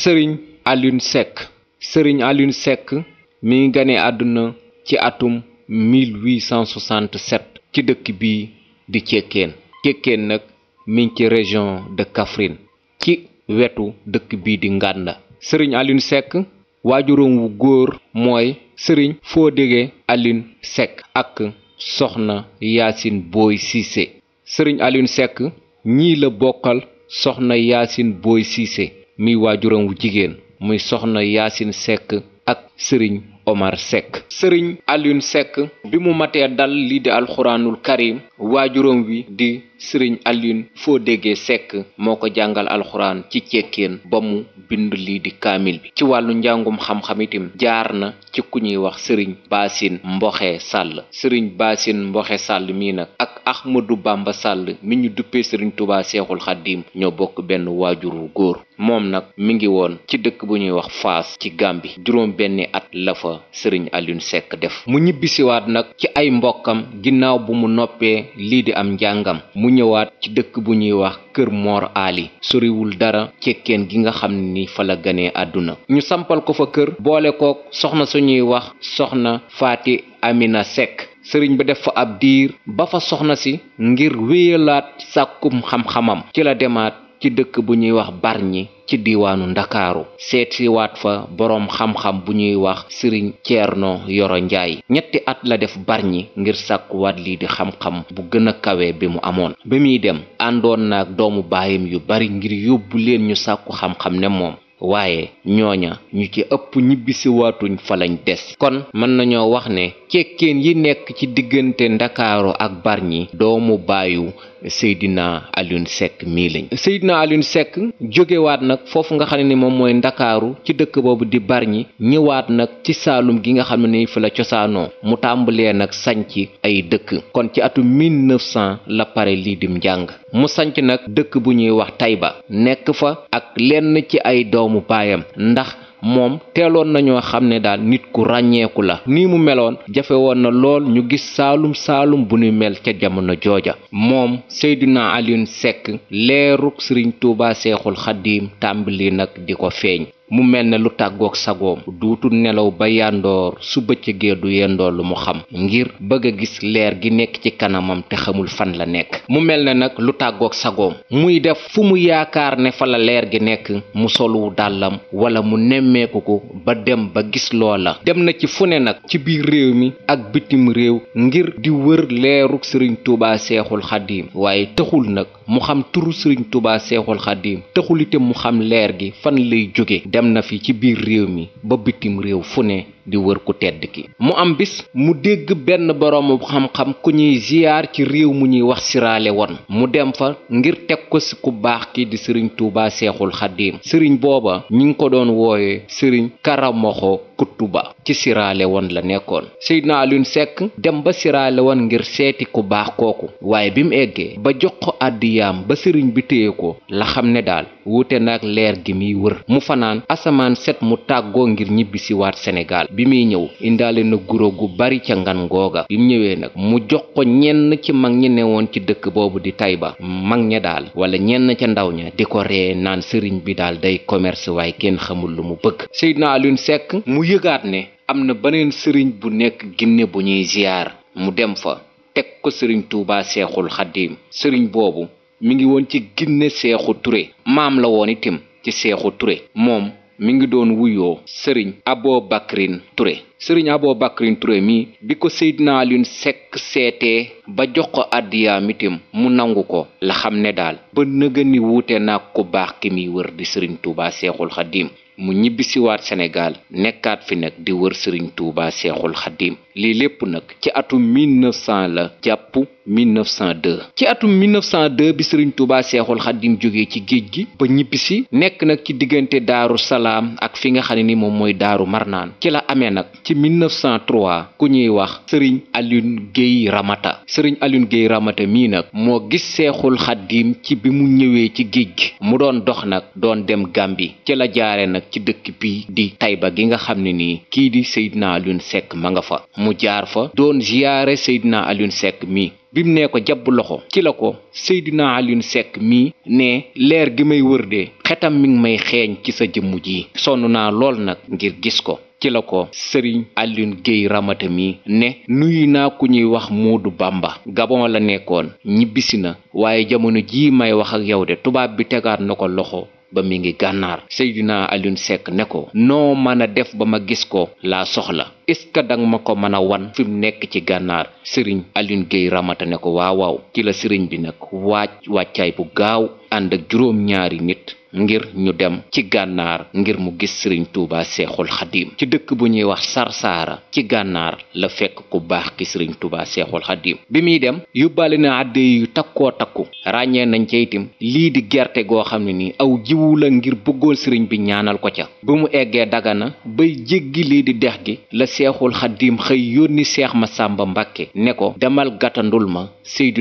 sëriñ Alioune Seck sëriñ Alioune Seck mi gane àdduna ci atum 1867 ci dëkk bii di Cekkeen Cekkeen nag mi ci région de Kaffrine ci wetu dëkk bii di Nganda sëriñ Alioune Seck waajuram wu góor mooy sëriñ Fodé Alioune Seck ak soxna Yacine Boy Cissé sëriñ Alioune Seck ñii la bokkal soxna yasine booy Cissé mi waajuram wu jigéen muy soxna Yacine Seck ak sëriñ Omar Seck sëriñ Alioune sekk bi mu matee dal lii di alxuraanul karim waajuram wi di sëriñ Alioune foo déggee Seck moo ko jàngal alxuraan ci cekkeen ba mu bind lii di kaamil bi ci wàllu njàngum xam-xam jaar na ci ku ñuy wax sëriñ Bassine Mboxe sàll sëriñ Bassine Mboxe sàll mii nag ak Ahmadou bàmb sàll mi ñu duppee sëriñ Touba Seexul Xaddiim ñoo bokk benn waajur wu góor moom nag mi ngi woon ci dëkk bu ñuy wax Faas ci Gàmbi juróom benni at la fa sëriñ Alioune Seck def mu ñibbisiwaat nag ci ay mbokkam ginnaaw bu mu noppee lii di am njàngam ñëwaat ci dëkk bu ñuy wax kër Mor Ali soriwul dara cekkeen gi nga xam ni fa la ganee àdduna ñu sampal ko fa kër boole kook soxna suñuy wax soxna Faati Amina sekk sëriñ bi def fa ab diir ba fa soxna si ngir wéyalaat sàkkum xam-xamam ci la demaat ci dëkk bu ñuy wax barñi ci diiwaanu Ndakaaru seetsiwaat fa boroom xam-xam bu ñuy wax Sëriñ Ceerno Yoro Njaay ñetti at la def Bargny ngir sàkku waat lii di xam-xam bu gën a kawe bi mu amoon bi muy dem àndoon naag doomu baayam yu bari ngir yóbbu leen ñu sàkku xam-xam ne moom waaye ñooña ñu ci ëpp ñibbisi waatuñ fa lañ des kon mën nañoo wax ne cekkeen yi nekk ci diggante ndakaaru ak barñi doomu baayu Seydina Alioune Seck mii lañ Seydina Alioune Seck jógewaat nag foofu nga xam ne ni moom mooy ndakaaru ci dëkk boobu di ñi ñëwaat nag ci Saalum gi nga xam ne ni fi la cosaanoo mu tàmbalee nag sañc ay dëkk kon ci atu 1900 la pare lii dim njàng mu sanc nag dëkk bu ñuy wax ba nekk fa ak lenn ci ay doomu baayam ndax moom teeloon nañoo xam ne daal nit ku ràññeeku la ni mu meloon jafe woon na lool ñu gis saalum saalum bu nuy mel ca jamono jooja moom Seydina Alioune Seck leeruk Sëriñ Tuubaa Seexul Xadiim tàmbali nag di ko feeñ mu mel na lu tàggoog sagoom duutu nelaw ba yandoor su bëccëgee du yendoor lu mu xam ngir bëgg a gis leer gi nekk ci kanamam te xamul fan la nekk mu mel na nag lu tàggook sagoom muy def fu mu yaakaar ne fa la leer gi nekk mu soluwu dàllam wala mu nemmeeku ko ba dem ba gis loola dem na ci fu ne nag ci biir réew mi ak bitim réew ngir di wër leerug sëriñ Tuubaa seexul xaddiim waaye taxul nag mu xam turu sëriñ Tuubaa seexul xaddiim taxul mu xam leer gi fan lay jóge yam na fi ci biir réew mi ba bitim réew fu ne di wër ku tedd ki mu am bis mu dégg benn boroomu xam-xam ku ñuy ziyaar ci réew mu ñuy wax siraale woon mu dem fa ngir teg ko si ku baax ki di sëriñ tuuba seexul xaddiim sëriñ booba ñu ngi ko doon wooye sëriñ karamoxo kuttuba ci siraale woon la nekkoon seydina Alioune Seck dem ba siraale woon ngir seeti ku baax kooku waaye bi mu eggee ba jox ko àddiyaam ba sëriñ bi téye ko la xam ne daal wuute nag leer gi muy wër mu fanaan asamaan set mu tàggoo ngir ñibbisiwaat Sénégal bi muy ñëw indaale na guro gu bari ca ngan googa bi mu ñëwee nag mu jox ko ñenn ci mag ñi woon ci dëkk boobu di ba mag ña daal wala ñenn ca ndaw ña di ko ree naan sëriñ bi daal day commerce waaye kenn xamul lu mu bëgg Seydina Alioune sekk mu yëgaat ne am na beneen sëriñ bu nekk Ginne bu ñuy ziyaar mu dem fa teg ko sëriñ Touba Seexul Xaddiim sëriñ boobu mu ngi woon ci Ginne Seexu Ture maam la woon itam ci Seexu Ture moom mi ngi doon wuyoo sëriñ Abobakrin Touré sëriñ Abobakrin Touré mii bi ko Seydina Alioune Seck seetee ba jox ko àddiyaam mu nangu ko la xam ne daal ba nëga ni wuute nag ku baax ki mii wër di sëriñ Touba Seexul Xadiim mu ñibbisiwaat Sénégal nekkaat fi nag di wër sëriñ Touba Seexul Xadiim lii lépp nag ci atum 1900 la jàpp 1902 ci atum 1902 bi sëriñ Touba Seexul Xaddim jóge ci géej gi ba ñibbisi nekk nag ci diggante daaru salaam ak fi nga xam ne ni moom mooy daaru marnaan ci la amee nag ci 1903 ku ñuy wax sëriñ Alioune Guèye Ramata sëriñ Alioune Guèye Ramata mii nag moo gis Seexul Xaddim ci bi mu ñëwee ci géej gi mu doon dox nag doon dem Gàmbi ci la jaare nag ci dëkk bi di Tayba gi nga xam ne nii kii di Seydina Alioune Seck ma nga fa mu jaar fa doon ziyaare Seydina Alioune Seck mii bi mu nee ko jàpp loxo ci la ko Seydina Alioune Seck mii ne leer gi may wër de xetam mi may xeeñ ci sa jëmm ji sonn naa lool nag ngir gis ko ci la ko sëriñ Alioune Guèye Ramata mii ne nuyu naa ku ñuy wax Moodu Bamba Gabon la nekkoon ñibbisi na waaye jamono ji may wax ak yow de tubaab bi tegaat na ko loxo ba mi ngi gànnaar Seydina Alioune Seck ne ko noo mën a def ba ma gis ko laa soxla est-ce que danga ma ko mën a wan fi mu nekk ci gànnaar Serigne Alioune Gueye Ramata ne ko waaw waaw ci la Serigne bi nag waaj wàccaay bu gaaw ànd ak juróom-ñaari nit ngir ñu dem ci gànnaar ngir mu gis sëriñ tuuba seexul xadiim ci dëkk bu ñuy wax sarsaara ci gànnaar la fekk ku baax ki sëriñ tuuba seexul xadiim bi muy dem yóbbaale na àdde yu takkoo takku ràññee nañ ca itim lii di gerte goo xam ne nii aw jiwu la ngir bëggoon sëriñ bi ñaanal ko ca ba mu eggee dagana bay jéggi lii di dex gi la seexul xaddiim xëy yónni seex ma sàmba mbàkke ne ko demal gàttandul ma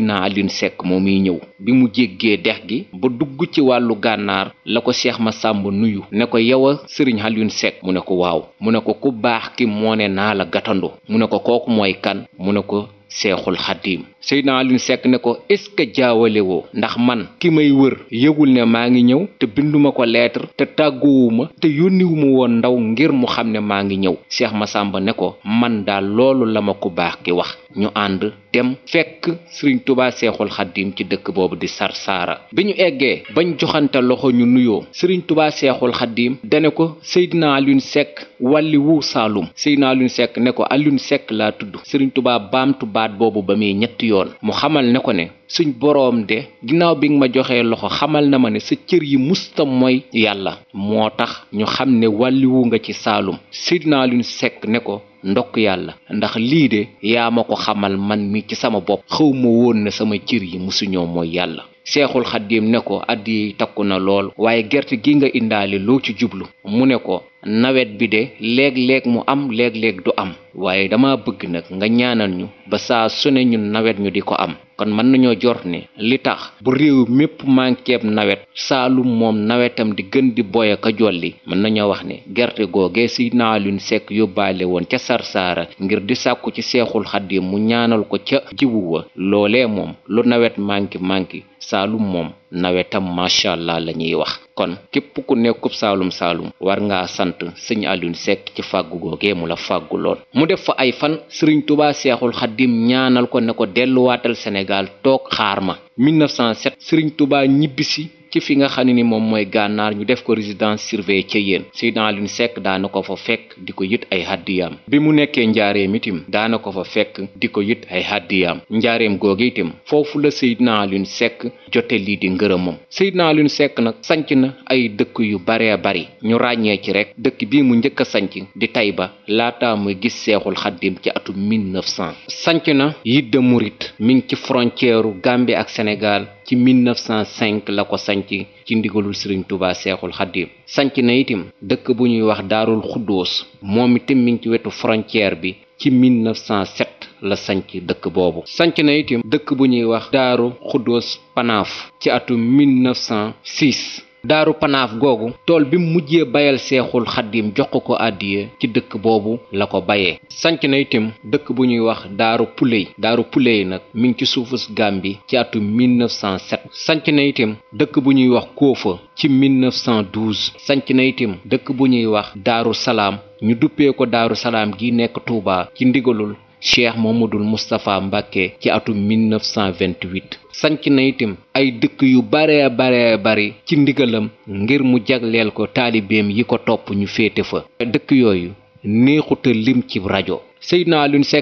na alin sekk moom muy ñëw bi mu jéggee dex gi ba dugg ci wàllu gànnaar la ko ma Massamba nuyu ne ko yow a sëriñ Alioune Seck mu ne ko waaw mu ne ko ku baax ki moo ne naa la gàttandoo mu ne ko kooku mooy kan mu ne ko seexul xaddiim Seydina Alioune Seck ne ko est-ce que jaawale ndax man ki may wër yëgul ne maa ngi ñëw te binduma ko lettre te tàggoowuma te yónniwuma woon ndaw ngir mu xam ne maa ngi ñëw Cheikh Massamba ne ko man daal loolu la ma ku baax ki wax ñu ànd dem fekk sëriñ tubaa seexul xaddim ci dëkk boobu di sarsaara bi ñu eggee bañ joxante loxo ñu nuyoo sëriñ tubaa seexul xaddiim dane ko Seydina Alioune Seck wàlli wu saalum Seydina Alioune Seck ne ko Alioune sekk laa tudd sëriñ tubaa baamtu baat boobu ba muy ñetti yoon mu xamal ne ko ne suñ boroom de ginnaaw bi nga ma joxee loxo xamal na ma ne sa cër yi musta mooy yàlla moo tax ñu xam ne wàlliwu nga ci saalum Seydina Alioune sekk ne ko ndokk yàlla ndax lii de yaa ma ko xamal man mi ci sama bopp xaw ma woon na sama cir yi musuñoo mooy yàlla seexul xaddiim ne ko addi takku na lool waaye gerte gi nga indaale loo ci jublu mu ne ko nawet bi de léeg-léeg mu am léeg-léeg du am waaye dama bëgg nag nga ñaanal ñu ba saa su ne ñun nawet ñu di ko am kon mën nañoo jor ne li tax bu réew mépp mankeeb nawet saalum moom nawetam di gën di boye ka jolli mën nañoo wax ne gerte googee si naalun sekk yóbbaale woon ca sarsaara ngir di sàkku ci seexul xaddim mu ñaanal ko ca jiwu wa loolee moom lu nawet manki manki saalum moom nawetam macha allah la ñuy wax kon képp ku nekkub saalum saalum war nga sant sëñ Alioune Seck ci fàggu googee la fàggu lool mu def fa ay fan sëriñ Tuubaa Seexul Xaddim ñaanal ko ne ko delluwaatal Sénégal toog xaar ma 1907 sëriñ Tuubaa ñibbisi ci fi nga xam ne ni moom mooy gànnaar ñu def ko résidence surveillée ca yéen Seydina Alioune sekk daana ko fa fekk di ko yit ay haddiyaam bi mu nekkee njaareem itam daana ko fa fekk di ko yit ay haddiyaam njaareem googu itam foofu la Seydina Alioune sekk jote lii di ngërëmam Seydina Alioune sekk nag sanc na ay dëkk yu baree bari ñu ràññee ci rek dëkk bii mu njëkk a sanc di ba laata muy gis Seexul Xaddim ci atum 1900 sanc na yidda murit mi ci frontière Gambie ak Sénégal ci 1905 la ko sanc ci ndigalul sëriñ Touba Seexul Xaddim sanc na itim dëkk bu ñuy wax daarul xuddoos moom itam mi ci wetu frontière bi ci 1907 la sanc dëkk boobu sanc na itim dëkk bu ñuy wax daaru xuddoos panaaf ci atu 1906 daaru panaaf googu tool bi mujjee bayal seexul xaddim jox ko àddiya ci dëkk boobu la ko bayee sanc na itam dëkk bu ñuy wax daaru puley daaru puley nag mi ngi ci suufus bi ci atu 1907 sanc na itam dëkk bu ñuy wax kóofa ci 1912 sanc na itam dëkk bu ñuy wax daaru salaam ñu duppee ko daaru salaam gi nekk tuubaa ci ndigalul cheikh dul Moustapha Mbacke ci atum 1928 sanc na itam ay dëkk yu baree bare bari ci ndigalam ngir mu jagleel ko taalibeem yi ko topp ñu féete fa dëkk yooyu néexuta lim ci rajo Seydina Alioune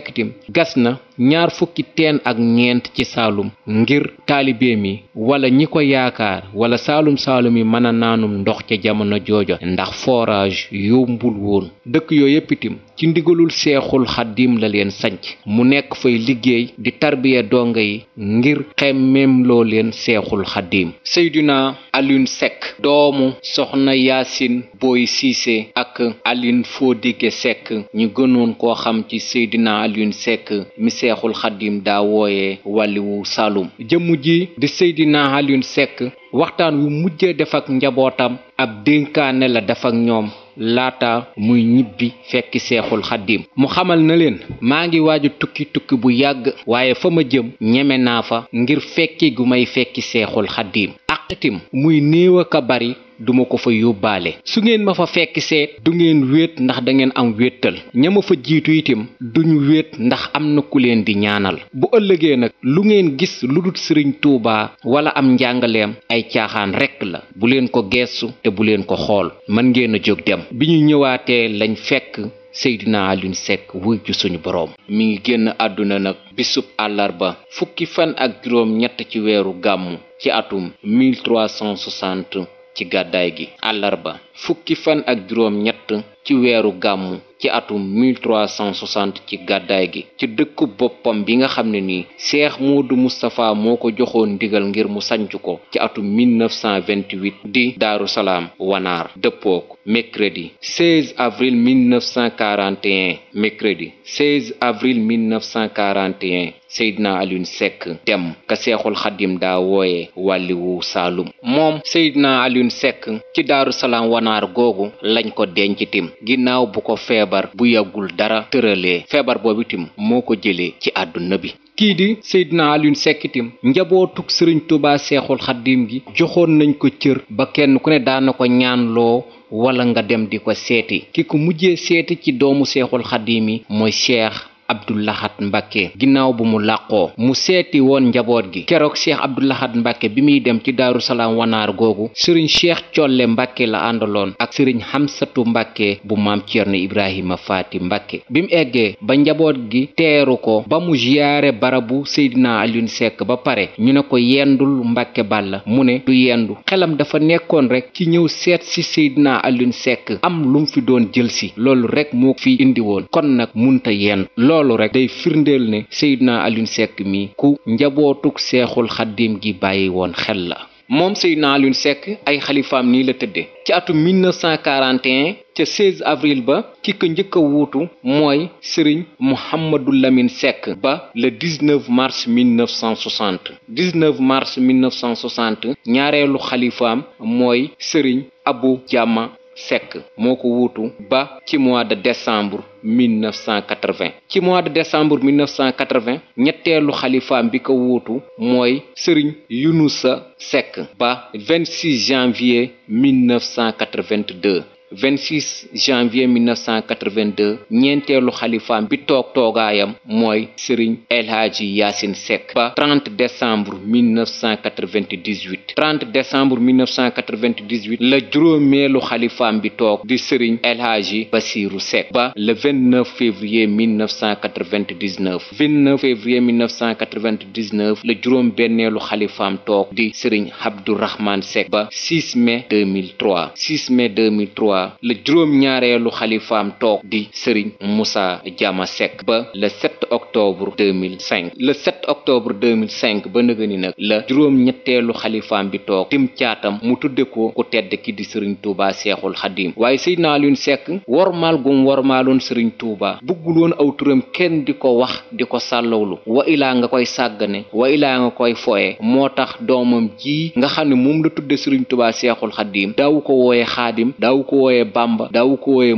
gas na ñaar fukki teen ak ñeent ci saalum ngir taalibe mi wala ñi ko yaakaar wala saalum-saalum yi mën a naanum ndox ca jamono joojo ndax forage yombul woon dëkk yooyu yépp itam ci ndigalul seexul xaddiim la leen sanc mu nekk fay liggéey di tarbiya donga yi ngir xemmeem loo leen seexul xaddiim Seydina alin Seck doomu soxna yasin booy Cissé ak alin foo Fodé Seck ñu gënoon koo xam ci Seydina Alioune Seck mi seexul xaddim daa wooyee walliwu Saloum jëmm ji di Seydina Alioune Seck waxtaan wu mujjee def ak njabootam ab dénkaane la def ak ñoom laata muy ñibbi fekki seexul xaddim mu xamal na leen maa ngi waaju tukki tukki bu yàgg waaye fa ma jëm ñeme naa fa ngir fekki gu may fekki seexul xaddim ak itam muy néew ak a duma ko fa yóbbaale su ngeen ma fa fekk seet du ngeen wéet ndax da ngeen am wéttal ñama fa jiitu itam duñu wéet ndax am na ku leen di ñaanal bu ëllëgee nag lu ngeen gis lu dul sëriñ tuubaa wala am njàngaleem ay caaxaan rekk la bu leen ko geestu te bu leen ko xool man ngeen a jóg dem bi ñu ñëwaatee lañ fekk Seydina Alioune sekk wuy ju suñu boroom mi ngi génn àdduna nag bisub àllarba fukki fan ak juróom ñett ci weeru gàmmu ci atum 1360 ci gàddaay gi àllarba fukki fan ak juróom ñett ci weeru gàmmu ci atum 1360 ci gàddaay gi ci dëkku boppam bi nga xam ne nii seex Moodu Moustapha moo ko joxoon ndigal ngir mu sanc ko ci atum 1928 di Daaru Salaam Wanaar dëppook mercredi 16 avril 1941 mercredi 16 avril 1941 Seydina Alioune Seck dem ka seexul xadim daa wooye wàlliwu Saalum moom Seydina Alioune Seck ci Daaru ganaar googu lañ ko denc tim ginnaaw bu ko feebar bu yàggul dara tëralee feebar boobu tim moo ko jëlee ci àdduna bi kii di Seydina Alioune Seck itam njabootug sëriñ Touba Seexul Xaddim gi joxoon nañ ko cër ba kenn ku ne daana ko ñaanloo wala nga dem di ko seeti ki ko mujjee seeti ci doomu Seexul Xaddim yi mooy Cheikh Abdou Lahad Mbacke ginnaaw bi mu làqoo mu seeti woon njaboot gi keroog Cheikh Abdou Lahad Mbacke bi muy dem ci Daaru Salaam wanaar googu sëriñ Cheikh Colle Mbacke la àndaloon ak sëriñ Hamsatu Mbacke bu maam Thierno Ibrahima Faati Mbacke bi mu eggee ba njaboot gi teeru ko ba mu ziyaare barabu Seydina Alioune Seck ba pare ñu ne ko yendul Mbacke Balla mu ne du yendu xelam dafa nekkoon rek ci ñëw seet si Seydina Alioune Seck am lu mu fi doon jël si loolu rek moo fi indi woon kon nag munta yendu loolu rek day firndeel ne Seydina Alioune Seck mi ku njabootug seexul xaddim gi bàyyi woon xel la moom Seydina Alioune Seck ay xalifaam nii la tëddee ci atum 1941 ca 16 avril ba ki ko njëkk a wuutu mooy Serigne Mouhamadou Lamine Seck ba le 19 mars 1960 19 mars 1960 ñaareelu xalifaam mooy Serigne Abou Diama Seck moo ko wuutu ba ci mois de décembre 1980 ci mois de décembre 1980 ñetteelu xalifaam bi ko wuutu mooy Serigne Yunusa Seck ba 26 janvier 1982 26 janvier 1982 ñeenteelu xalifaam bi toog toogaayam mooy sëriñ El Hadji Yacine Seck ba 30 décembre 1998 30 décembre 1998 la juróomeelu xalifaam bi toog di sëriñ El Hadji Bassirou Seck ba le 29 février 1999 29 février 1999 la juróom-benneelu xalifaam toog di sëriñ Abdourahmane Seck ba 6 mai 2003 6 mai 2003. Touba la juróom-ñaareelu xalifaam toog di Serigne Moussa Diama Seck ba le 7 octobre 2005 le 7 octobre 2005 ba nëgëni nag la juróom-ñetteelu xalifaam bi toog tim caatam mu tudde ko ku tedd ki di Serigne Touba Seexul Xadim waaye Seydina Alioune Seck wormaal gum wormaaloon Serigne Touba bugguloon aw turam kenn di ko wax di ko sàllawlu wa ilaa nga koy sàggane wa ilaa nga koy foye moo tax doomam ji nga xam ne moom la tudde Serigne Touba Seexul Xadim daawu ko wooye xaadim daawu ko wooyee bàmba daawu ko wooyee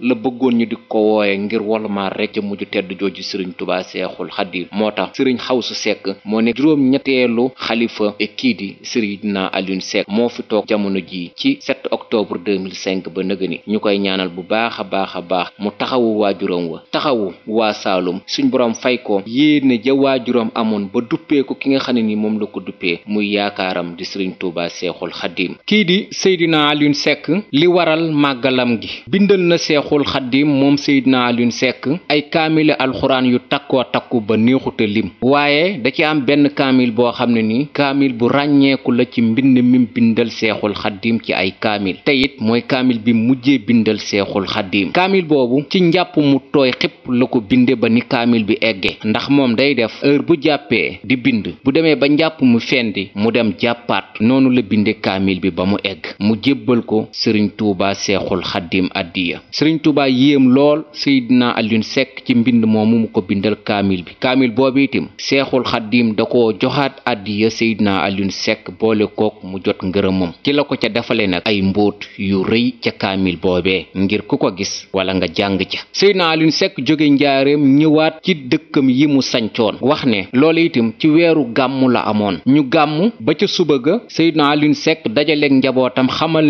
la bëggoon ñu di ko wooyee ngir wolomaa rek ca mujj tedd jooju sëriñ tubaa seexul xaddiim moo tax sëriñ xawsu sekk moo ne juróom-ñetteelu xalifa e kii di sëriñ Alioune Seck moo fi toog jamono jii ci 7 octobre 2005 ba nëgëni ñu koy ñaanal bu baax a baax a baax mu taxawu waajuram wa taxawu waa Saalum suñ borom fay ko yéene ja waajuram amoon ba duppeeku ki nga xam ne ni moom la ko duppee muy yaakaaram di sëriñ Touba Seexul Xaddiim kii di Seydina Alioune Seck li waral màggalam gi bindal na seexul xaddim moom Seydina Alioune Seck ay kaamile alxuraan yu takkoo takku ba néexuta lim waaye da ci am benn kaamil boo xam ne ni kaamil bu ràññeeku la ci mbind mi bindal seexul xaddim ci ay kaamil te it mooy kaamil bi mujjee bindal seexul xaddim kaamil boobu ci njàpp mu tooy xëpp la ko binde ba ni kaamil bi egge ndax moom day def heure bu jàppee di bind bu demee ba njàpp mu fendi mu dem jàppaat noonu la binde kaamil bi ba mu egg mu jébbal ko sëriñ tuuba seexul xaddim addiya sëriñ tuuba yéem lool seydina Alioune Seck ci mbind moomu mu ko bindal kaamil bi kaamil boobu itam seexul xaddim da ko joxaat addiya seydina Alioune sekk boole kook mu jot ngërëmam ci la ko ca defale nag ay mbóot yu rëy ca kaamil boobee ngir ku ko gis wala nga jàng ca seydina Alioune sekk jóge njaareem ñëwaat ci dëkkam yi mu sancoon wax ne loolu itam ci weeru gàmmu la amoon ñu gàmmu ba ca suba ga seydina Alioune Seck dajaleeg njabootam xamal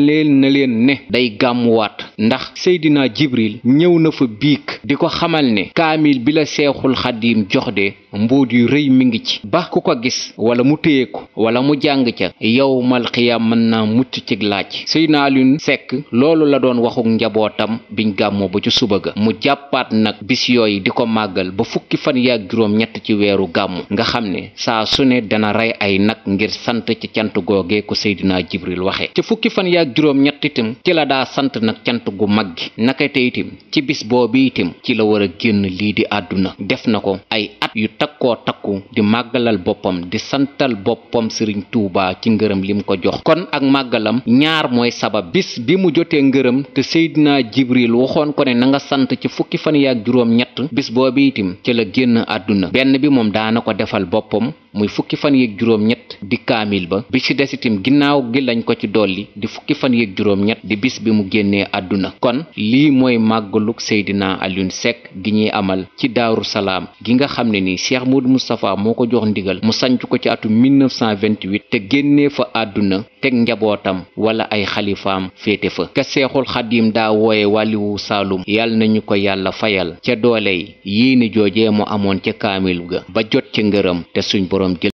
ne day gàmmuwaat ndax seydina jibril ñëw na fa biig di ko xamal ne kaamil bi la seexul xadiim jox de mbóot yu rëy mi ngi ci ba ku ko gis wala mu téye ko wala mu jàng ca yowmal xiyaam mën naa mucc cig laaj seydina Alioune Seck loolu la doon waxuk njabootam biñ gàmmoo ba ci suba ga mu jàppaat nag bis yooyu di ko màggal ba fukki fan yaag juróom ñett ci weeru gàmmu nga xam ne saa su ne dana rey ay nag ngir sant ci cant googee ko seydina jibril waxe ca itam ci la daa sant nag cant gu mag gi nakate itam ci bis boobu itam ci la war a génn lii di àdduna def na ko ay at yu takkoo takku di màggalal boppam di santal boppam sëriñ tuubaa ci ngërëm li mu ko jox kon ak màggalam ñaar mooy sabab bis bi mu jotee ngërëm te seydina jibril waxoon ko ne na nga sant ci fukki fan yaak juróom ñett bis boobu itam ci la génn àdduna benn bi moom daana defal boppam muy fukki fan yaak juróom ñett di kaamil ba bi ci des itam ginnaaw gi lañ ko ci dolli di fukki fan yeeg juróom-ñett di bis bi mu génnee àdduna kon lii mooy màggalug Seydina Alioune Seck gi ñuy amal ci Daaru Salaam gi nga xam ne nii Cheikh Modou Moustapha moo ko jox ndigal mu sanc ko ci atum 1928 te génnee fa àdduna teg njabootam wala ay xalifaam féete fa ka Seexul Xadim daa wooye wàlliwu Saalum yàlla na ñu ko yàlla fayal ca doole yi yéene jooje mu amoon ca kaamil ga ba jot ca ngërëm te